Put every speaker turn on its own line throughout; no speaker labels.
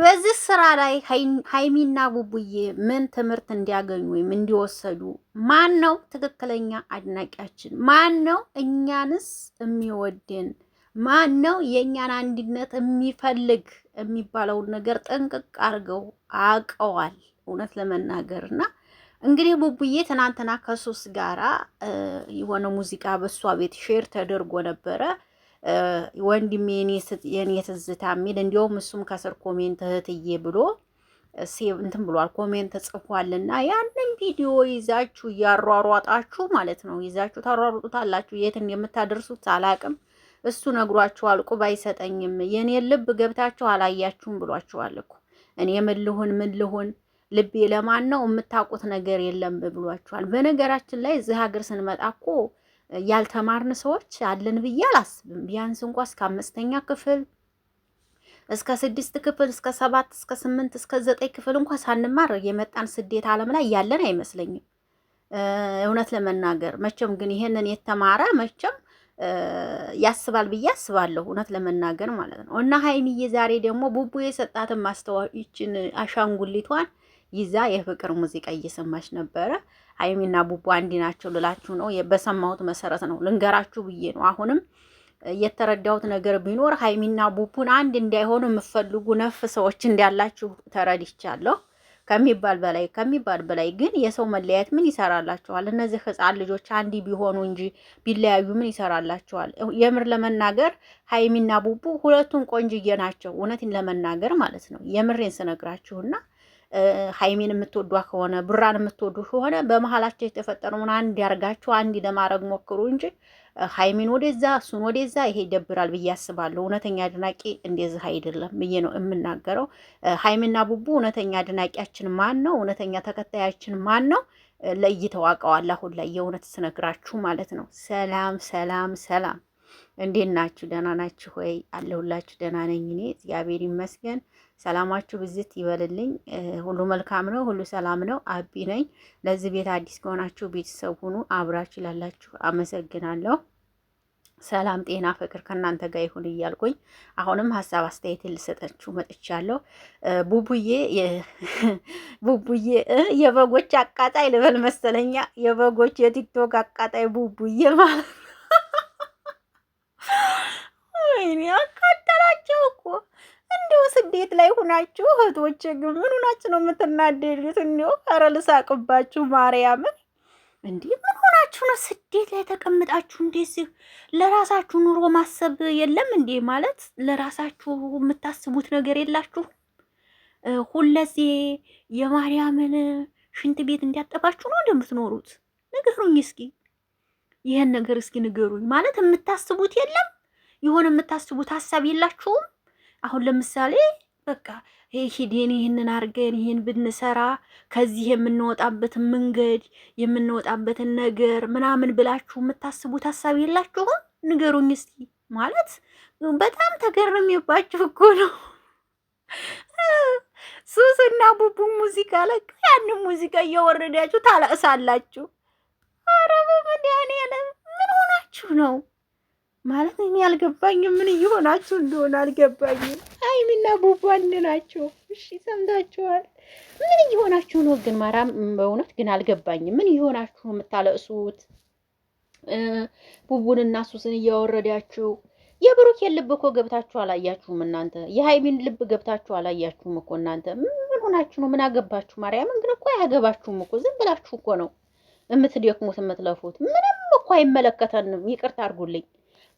በዚህ ስራ ላይ ሀይሚና ቡቡዬ ምን ትምህርት እንዲያገኙ ወይም እንዲወሰዱ፣ ማን ነው ትክክለኛ አድናቂያችን? ማን ነው እኛንስ የሚወድን? ማን ነው የእኛን አንድነት የሚፈልግ የሚባለውን ነገር ጥንቅቅ አድርገው አውቀዋል። እውነት ለመናገር እና እንግዲህ ቡቡዬ ትናንትና ከሶስት ጋራ የሆነ ሙዚቃ በእሷ ቤት ሼር ተደርጎ ነበረ። ወንድሜ የኔ ትዝታ የሚል እንዲሁም እሱም ከስር ኮሜንት እህትዬ ብሎ እንትን ብሏል ኮሜንት ጽፏልና ያንን ቪዲዮ ይዛችሁ እያሯሯጣችሁ ማለት ነው ይዛችሁ ታሯሩጡታላችሁ። የት እንደምታደርሱት አላቅም። እሱ ነግሯችሁ አልቁ አይሰጠኝም የኔ ልብ ገብታችሁ አላያችሁም ብሏችኋል እኮ እኔ ምን ልሁን ምን ልሁን ልቤ ለማን ነው የምታውቁት ነገር የለም ብሏችኋል። በነገራችን ላይ እዚህ ሀገር ስንመጣ እኮ ያልተማርን ሰዎች አለን ብዬ አላስብም። ቢያንስ እንኳ እስከ አምስተኛ ክፍል እስከ ስድስት ክፍል እስከ ሰባት እስከ ስምንት እስከ ዘጠኝ ክፍል እንኳ ሳንማር የመጣን ስደት ዓለም ላይ ያለን አይመስለኝም እውነት ለመናገር መቼም ግን ይሄንን የተማረ መቼም ያስባል ብዬ አስባለሁ። እውነት ለመናገር ማለት ነው። እና ሀይሚዬ ዛሬ ደግሞ ቡቡ የሰጣትን ማስታወቂያችን አሻንጉሊቷን ይዛ የፍቅር ሙዚቃ እየሰማች ነበረ። ሀይሚና ቡቡ አንዲ ናቸው ልላችሁ ነው። በሰማሁት መሰረት ነው ልንገራችሁ ብዬ ነው። አሁንም የተረዳሁት ነገር ቢኖር ሀይሚና ቡቡን አንድ እንዳይሆኑ የምፈልጉ ነፍ ሰዎች እንዳላችሁ ተረድቻለሁ። ከሚባል በላይ ከሚባል በላይ ግን የሰው መለያየት ምን ይሰራላችኋል? እነዚህ ህፃን ልጆች አንዲ ቢሆኑ እንጂ ቢለያዩ ምን ይሰራላችኋል? የምር ለመናገር ሀይሚና ቡቡ ሁለቱን ቆንጅዬ ናቸው። እውነትን ለመናገር ማለት ነው የምሬን ስነግራችሁና ሀይሜን የምትወዷ ከሆነ ብራን የምትወዱ ከሆነ በመሀላቸው የተፈጠረውን አንድ ያርጋችሁ አንድ ለማድረግ ሞክሩ እንጂ ሀይሜን ወደዛ እሱን ወደዛ፣ ይሄ ይደብራል ብዬ አስባለሁ። እውነተኛ አድናቂ እንደዚህ አይደለም ብዬ ነው የምናገረው። ሀይሜና ቡቡ እውነተኛ አድናቂያችን ማን ነው? እውነተኛ ተከታያችን ማን ነው? ለይተው አውቀዋል። አሁን ላይ የእውነት ስነግራችሁ ማለት ነው። ሰላም ሰላም ሰላም። እንዴት ናችሁ? ደህና ናችሁ ወይ? አለሁላችሁ። ደህና ነኝ እኔ እግዚአብሔር ይመስገን። ሰላማችሁ ብዝት ይበልልኝ። ሁሉ መልካም ነው፣ ሁሉ ሰላም ነው። አቢ ነኝ። ለዚህ ቤት አዲስ ከሆናችሁ ቤተሰብ ሁኑ። አብራችሁ ላላችሁ አመሰግናለሁ። ሰላም፣ ጤና፣ ፍቅር ከእናንተ ጋር ይሁን እያልኩኝ አሁንም ሀሳብ አስተያየት ልሰጠችሁ መጥቻለሁ። ቡቡዬ ቡቡዬ የበጎች አቃጣይ ልበል መሰለኛ የበጎች የቲክቶክ አቃጣይ ቡቡዬ ማለት ወይኔ አቃጠላቸው እኮ እንዲሁ ስደት ላይ ሁናችሁ እህቶች ግን ምን ሆናችሁ ነው የምትናደዱት? እንዲሁ ኧረ ልሳቅባችሁ ማርያምን። እንዲህ ምን ሆናችሁ ነው ስደት ላይ ተቀምጣችሁ እንደዚህ ለራሳችሁ ኑሮ ማሰብ የለም እንዴ? ማለት ለራሳችሁ የምታስቡት ነገር የላችሁ ሁለዚህ የማርያምን ሽንት ቤት እንዲያጠባችሁ ነው እንደምትኖሩት? ንገሩኝ እስኪ ይህን ነገር እስኪ ንገሩኝ። ማለት የምታስቡት የለም የሆነ የምታስቡት ሀሳብ የላችሁም? አሁን ለምሳሌ በቃ ሂደን ይህንን አድርገን ይህን ብንሰራ ከዚህ የምንወጣበትን መንገድ የምንወጣበትን ነገር ምናምን ብላችሁ የምታስቡት ሀሳብ የላችሁም? ንገሩኝ እስቲ። ማለት በጣም ተገርሜባችሁ እኮ ነው። ሱስና ቡቡ ሙዚቃ ላይ ያንን ሙዚቃ እየወረዳችሁ ታለቅሳላችሁ። ኧረ በመድኃኒዓለም ምን ሆናችሁ ነው? ማለት እኔ አልገባኝም። ምን እየሆናችሁ እንደሆነ አልገባኝም። ሀይሚና ቡቡ አንድ ናቸው። እሺ ሰምታችኋል። ምን እየሆናችሁ ነው ግን? ማርያም በእውነት ግን አልገባኝም። ምን እየሆናችሁ የምታለቅሱት? ቡቡንና ሱስን እያወረዳችሁ የብሩክ ልብ እኮ ገብታችሁ አላያችሁም እናንተ። የሀይሚን ልብ ገብታችሁ አላያችሁም እኮ እናንተ። ምን ሆናችሁ ነው? ምን አገባችሁ? ማርያምን ግን እኮ አያገባችሁም እኮ። ዝም ብላችሁ እኮ ነው የምትደክሙት የምትለፉት። ምንም እኮ አይመለከተንም። ይቅርታ አድርጉልኝ።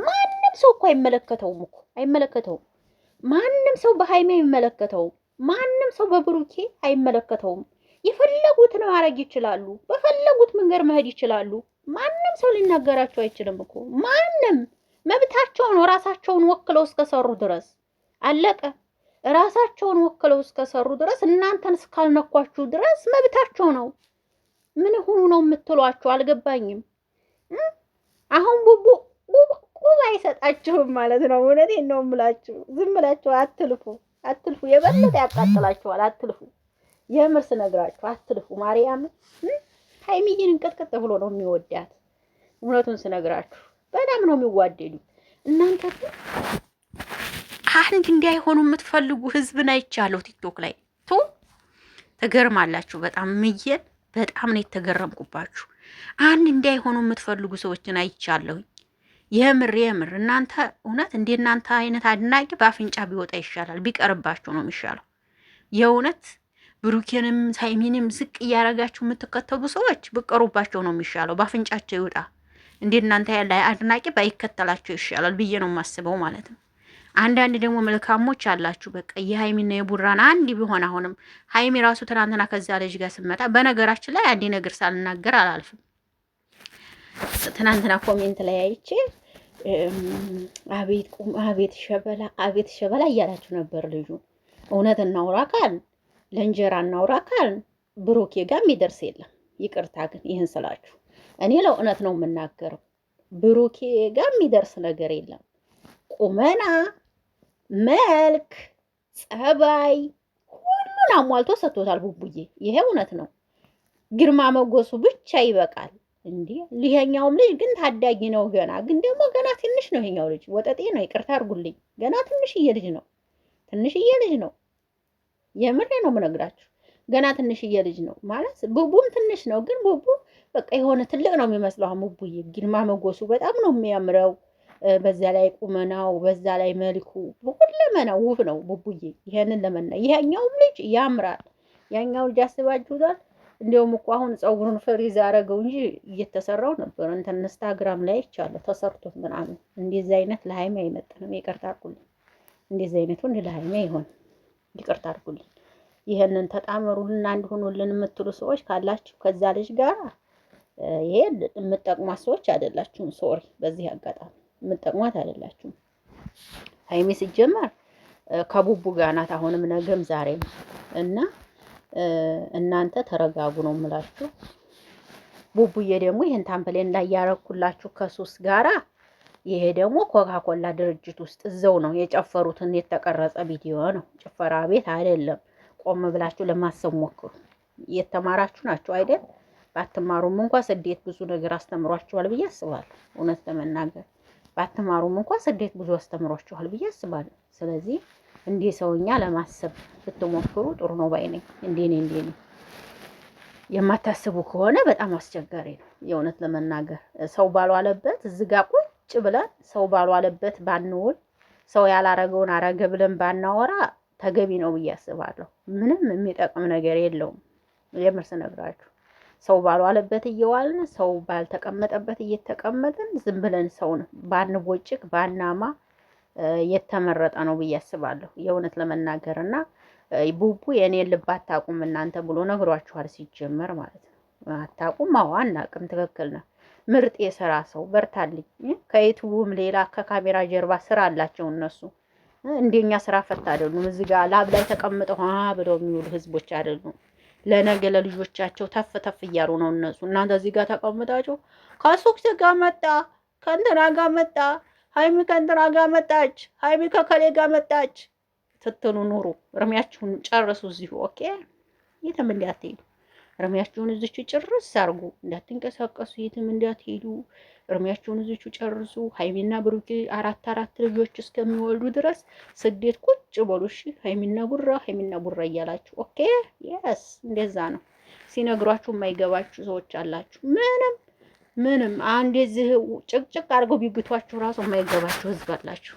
ማንም ሰው እኮ አይመለከተውም እኮ አይመለከተውም። ማንም ሰው በሀይሜ አይመለከተውም። ማንም ሰው በብሩኬ አይመለከተውም። የፈለጉት ነው ማድረግ ይችላሉ። በፈለጉት መንገድ መሄድ ይችላሉ። ማንም ሰው ሊናገራቸው አይችልም እኮ ማንም። መብታቸው ነው ራሳቸውን ወክለው እስከሰሩ ድረስ አለቀ። ራሳቸውን ወክለው እስከሰሩ ድረስ እናንተን እስካልነኳችሁ ድረስ መብታቸው ነው። ምን ሁኑ ነው የምትሏቸው? አልገባኝም። አሁን ቡቡ ቡቡ ቁም አይሰጣችሁም ማለት ነው። እውነቴን ነው የምላችሁ። ዝም ብላችሁ አትልፉ፣ አትልፉ። የበለጠ ያቃጥላችኋል። አትልፉ። የምር ስነግራችሁ አትልፉ። ማርያም ሀይሚዬን እንቅጥቅጥ ብሎ ነው የሚወዳት። እውነቱን ስነግራችሁ በጣም ነው የሚዋደዱ እናንተ አንድ እንዳይሆኑ የምትፈልጉ ህዝብን አይቻለሁ ቲክቶክ ላይ ቱ ትገርማላችሁ። በጣም ምየን በጣም ነው የተገረምኩባችሁ። አንድ እንዳይሆኑ የምትፈልጉ ሰዎችን አይቻለሁኝ። የምር የምር እናንተ እውነት እንደ እናንተ አይነት አድናቂ በአፍንጫ ቢወጣ ይሻላል፣ ቢቀርባችሁ ነው የሚሻለው። የእውነት ብሩኬንም ሳይሚንም ዝቅ እያደረጋችሁ የምትከተሉ ሰዎች ብቀሩባቸው ነው የሚሻለው፣ በአፍንጫቸው ይወጣ። እንደ እናንተ ያለ አድናቂ ባይከተላቸው ይሻላል ብዬ ነው የማስበው ማለት ነው። አንዳንድ ደግሞ መልካሞች አላችሁ። በቃ የሀይሚና የቡራን አንድ ቢሆን አሁንም ሀይሚ ራሱ ትናንትና ከዛ ልጅ ጋር ስመጣ በነገራችን ላይ አንድ ነገር ሳልናገር አላልፍም። ትናንትና ኮሜንት ላይ አይቼ አቤት ቁም፣ አቤት ሸበላ፣ አቤት ሸበላ እያላችሁ ነበር። ልዩ እውነት እናውራ ካል ለእንጀራ እናውራ ካል ብሩኬ ጋር የሚደርስ የለም። ይቅርታ ግን ይህን ስላችሁ እኔ ለእውነት ነው የምናገረው። ብሩኬ ጋር የሚደርስ ነገር የለም። ቁመና፣ መልክ፣ ጸባይ ሁሉን አሟልቶ ሰጥቶታል ቡቡዬ። ይሄ እውነት ነው። ግርማ መጎሱ ብቻ ይበቃል። እንዲ ይሄኛውም ልጅ ግን ታዳጊ ነው ገና ግን ደግሞ ገና ትንሽ ነው። ይሄኛው ልጅ ወጠጤ ነው። ይቅርታ አድርጉልኝ። ገና ትንሽዬ ልጅ ነው። ትንሽዬ ልጅ ነው። የምሬ ነው የምነግራችሁ። ገና ትንሽዬ ልጅ ነው ማለት ቡቡም ትንሽ ነው። ግን ቡቡ በቃ የሆነ ትልቅ ነው የሚመስለው። አሁን ቡቡዬ ግርማ በጣም ነው የሚያምረው። በዛ ላይ ቁመናው፣ በዛ ላይ መልኩ ሁለመና ውብ ነው ቡቡዬ። ይሄንን ለመና ይሄኛውም ልጅ ያምራል። ያኛው ልጅ አስባችሁታል። እንዲሁም እኮ አሁን ፀጉሩን ፍሪዝ አረገው እንጂ እየተሰራው ነበር እንትን ኢንስታግራም ላይ ይቻለ ተሰርቶት ምናምን። እንደዚህ አይነት ለሀይሜ አይመጥንም። ይቅርታ አድርጉልኝ። እንደዚህ አይነት እንደ ለሀይሜ ይሆን ይቅርታ አድርጉልኝ። ይሄንን ተጣመሩልን አንድ ሆኖልን የምትሉ ሰዎች ካላችሁ ከዛ ልጅ ጋር ይሄ የምጠቅሟት ሰዎች አይደላችሁም። ሶሪ፣ በዚህ አጋጣሚ የምጠቅሟት አይደላችሁም። ሀይሜ ሲጀመር ከቡቡ ጋር ናት አሁንም ነገም ዛሬም እና እናንተ ተረጋጉ ነው የምላችሁ። ቡቡዬ ደግሞ ይህን ታምፕሌን ላይ ያረኩላችሁ ከሱስ ጋራ ይሄ ደግሞ ኮካኮላ ድርጅት ውስጥ እዘው ነው የጨፈሩትን የተቀረጸ ቪዲዮ ነው። ጭፈራ ቤት አይደለም። ቆም ብላችሁ ለማሰብ ሞክሩ። እየተማራችሁ ናችሁ አይደል? ባትማሩም እንኳ ስደት ብዙ ነገር አስተምሯችኋል ብዬ አስባለሁ። እውነት ለመናገር ባትማሩም እንኳ ስደት ብዙ አስተምሯችኋል ብዬ አስባለሁ። ስለዚህ እንዴ ሰውኛ ለማሰብ ብትሞክሩ ጥሩ ነው ባይ ነኝ። እንዴ ነኝ እንዴ ነኝ የማታስቡ ከሆነ በጣም አስቸጋሪ ነው። የእውነት ለመናገር ሰው ባልዋለበት እዚህ ጋ ቁጭ ብለን ሰው ባልዋለበት ባንውል፣ ሰው ያላረገውን አረገ ብለን ባናወራ ተገቢ ነው ብዬ አስባለሁ። ምንም የሚጠቅም ነገር የለውም። የምር ስነግራችሁ ሰው ባልዋለበት እየዋልን ሰው ባልተቀመጠበት እየተቀመጥን ዝም ብለን ሰውን ባንቦጭቅ ባናማ የተመረጠ ነው ብዬ አስባለሁ። የእውነት ለመናገር እና ቡቡ የእኔን ልብ አታቁም እናንተ ብሎ ነግሯችኋል። ሲጀመር ማለት ነው አታውቁም። አዎ አናውቅም። ትክክል ነው። ምርጥ የስራ ሰው በርታልኝ። ከዩቱቡም ሌላ ከካሜራ ጀርባ ስራ አላቸው እነሱ። እንደኛ ስራ ፈት አይደሉም። እዚህ ጋር ላብ ላይ ተቀምጠው ሀ ብለው የሚውሉ ህዝቦች አይደሉም። ለነገ ለልጆቻቸው ተፍ ተፍ እያሉ ነው እነሱ። እናንተ እዚህ ጋር ተቀምጣችሁ ከሱቅ ጋር መጣ ከእንትና ጋር መጣ ሀይሚ ከእንትና ጋር መጣች፣ ሀይሚ ከከሌ ጋር መጣች ስትሉ ኑሩ። እርሜያችሁን ጨርሱ እዚሁ። ኦኬ፣ የትም እንዳትሄዱ። እርሜያችሁን እዚቹ ጭርስ አርጉ፣ እንዳትንቀሳቀሱ፣ የትም እንዳትሄዱ። እርሜያችሁን እዚቹ ጨርሱ። ሀይሚና ብሩኪ አራት አራት ልጆች እስከሚወልዱ ድረስ ስደት ቁጭ በሉ። እሺ፣ ሀይሚና ቡራ፣ ሀይሚና ቡራ እያላችሁ ኦኬ። የስ እንደዛ ነው። ሲነግሯችሁ የማይገባችሁ ሰዎች አላችሁ ምንም ምንም አንድ የዚህ ጭቅጭቅ አድርገው ቢግቷችሁ ራሱ የማይገባችሁ ህዝብ አላችሁ፣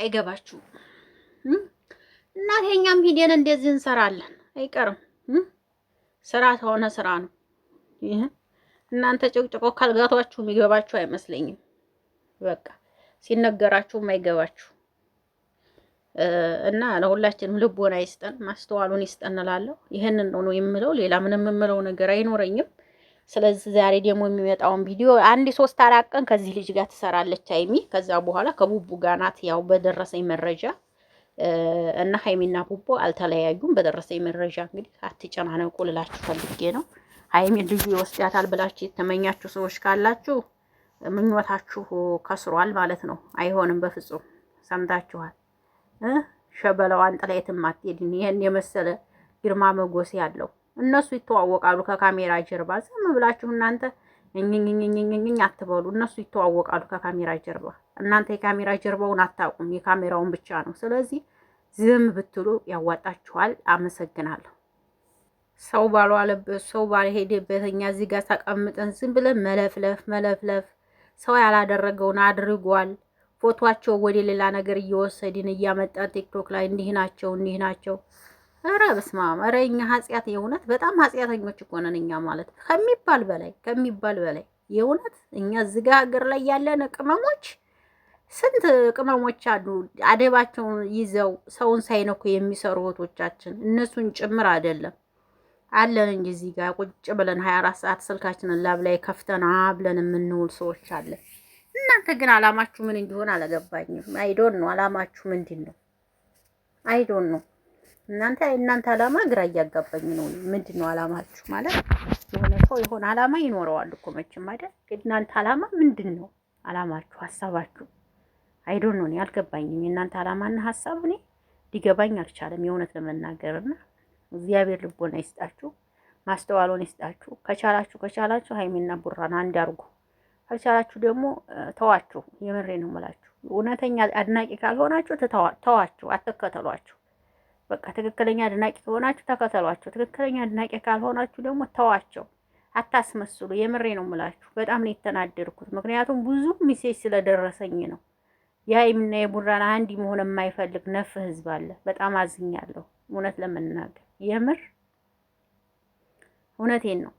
አይገባችሁ። እናቴ የኛም ሂደን እንደዚህ እንሰራለን፣ አይቀርም። ስራ ከሆነ ስራ ነው። ይህ እናንተ ጭቅጭቆ ካልጋቷችሁ የሚገባችሁ አይመስለኝም። በቃ ሲነገራችሁ የማይገባችሁ እና ለሁላችንም ልቦና ይስጠን፣ ማስተዋሉን ይስጠን እላለሁ። ይህንን ነው የምለው። ሌላ ምንም የምለው ነገር አይኖረኝም። ስለዚህ ዛሬ ደግሞ የሚመጣውን ቪዲዮ አንድ ሶስት አራት ቀን ከዚህ ልጅ ጋር ትሰራለች ሀይሚ። ከዛ በኋላ ከቡቡ ጋር ናት። ያው በደረሰኝ መረጃ እና ሀይሚና ቡቡ አልተለያዩም። በደረሰኝ መረጃ እንግዲህ አትጨናነቁ ልላችሁ ፈልጌ ነው። ሀይሚን ልዩ ይወስዳታል ብላችሁ የተመኛችሁ ሰዎች ካላችሁ ምኞታችሁ ከስሯል ማለት ነው። አይሆንም በፍጹም ሰምታችኋል። ሸበለዋን ጥላ የትም አትሄድም። ይህን የመሰለ ግርማ መጎሴ አለው። እነሱ ይተዋወቃሉ ከካሜራ ጀርባ። ዝም ብላችሁ እናንተ እኝኝኝኝኝኝ አትበሉ። እነሱ ይተዋወቃሉ ከካሜራ ጀርባ። እናንተ የካሜራ ጀርባውን አታውቁም፣ የካሜራውን ብቻ ነው። ስለዚህ ዝም ብትሉ ያዋጣችኋል። አመሰግናለሁ። ሰው ባልዋለበት ሰው ባልሄደበት እኛ እዚህ ጋር ተቀምጠን ዝም ብለን መለፍለፍ መለፍለፍ ሰው ያላደረገውን አድርጓል። ፎቶቸው ወደ ሌላ ነገር እየወሰድን እያመጣን ቲክቶክ ላይ እንዲህ ናቸው እንዲህ ናቸው ኧረ በስመ አብ! ኧረ እኛ ኃጢአት የእውነት በጣም ኃጢአተኞች እኮ ነን እኛ ማለት ከሚባል በላይ ከሚባል በላይ የእውነት እኛ እዚህ ጋ ሀገር ላይ ያለን ቅመሞች ስንት ቅመሞች አሉ። አደባቸውን ይዘው ሰውን ሳይነኩ የሚሰሩ እህቶቻችን እነሱን ጭምር አይደለም አለን እንጂ እዚህ ጋር ቁጭ ብለን 24 ሰዓት ስልካችንን ላብ ላይ ከፍተና ብለን የምንውል ሰዎች አለን። እናንተ ግን አላማችሁ ምን እንዲሆን አለገባኝም። አይዶን ነው አላማችሁ ምንድን ነው? አይዶን ነው እናንተ እናንተ አላማ ግራ እያጋባኝ ነው። ምንድን ነው አላማችሁ? ማለት የሆነ ሰው የሆነ አላማ ይኖረዋል እኮ መቼም አይደል? እናንተ አላማ ምንድን ነው አላማችሁ? ሀሳባችሁ አይዶን ነው አልገባኝም። የእናንተ አላማና ሀሳብ እኔ ሊገባኝ አልቻለም የእውነት ለመናገርና እግዚአብሔር ልቦና ይስጣችሁ፣ ማስተዋሎን ይስጣችሁ። ከቻላችሁ ከቻላችሁ ሀይሜና ቡራን አንድ አድርጉ፣ ካልቻላችሁ ደግሞ ተዋችሁ። የምሬ ነው የምላችሁ። እውነተኛ አድናቂ ካልሆናችሁ ተዋችሁ፣ አትከተሏችሁ። በቃ ትክክለኛ አድናቂ ከሆናችሁ ተከተሏቸው። ትክክለኛ አድናቂ ካልሆናችሁ ደግሞ ተዋቸው፣ አታስመስሉ። የምሬ ነው የምላችሁ። በጣም ነው የተናደድኩት፣ ምክንያቱም ብዙ ሚሴጅ ስለደረሰኝ ነው። የሀይሚና የቡራን አንድ መሆን የማይፈልግ ነፍ ህዝብ አለ። በጣም አዝኛለሁ፣ እውነት ለመናገር የምር እውነቴን ነው።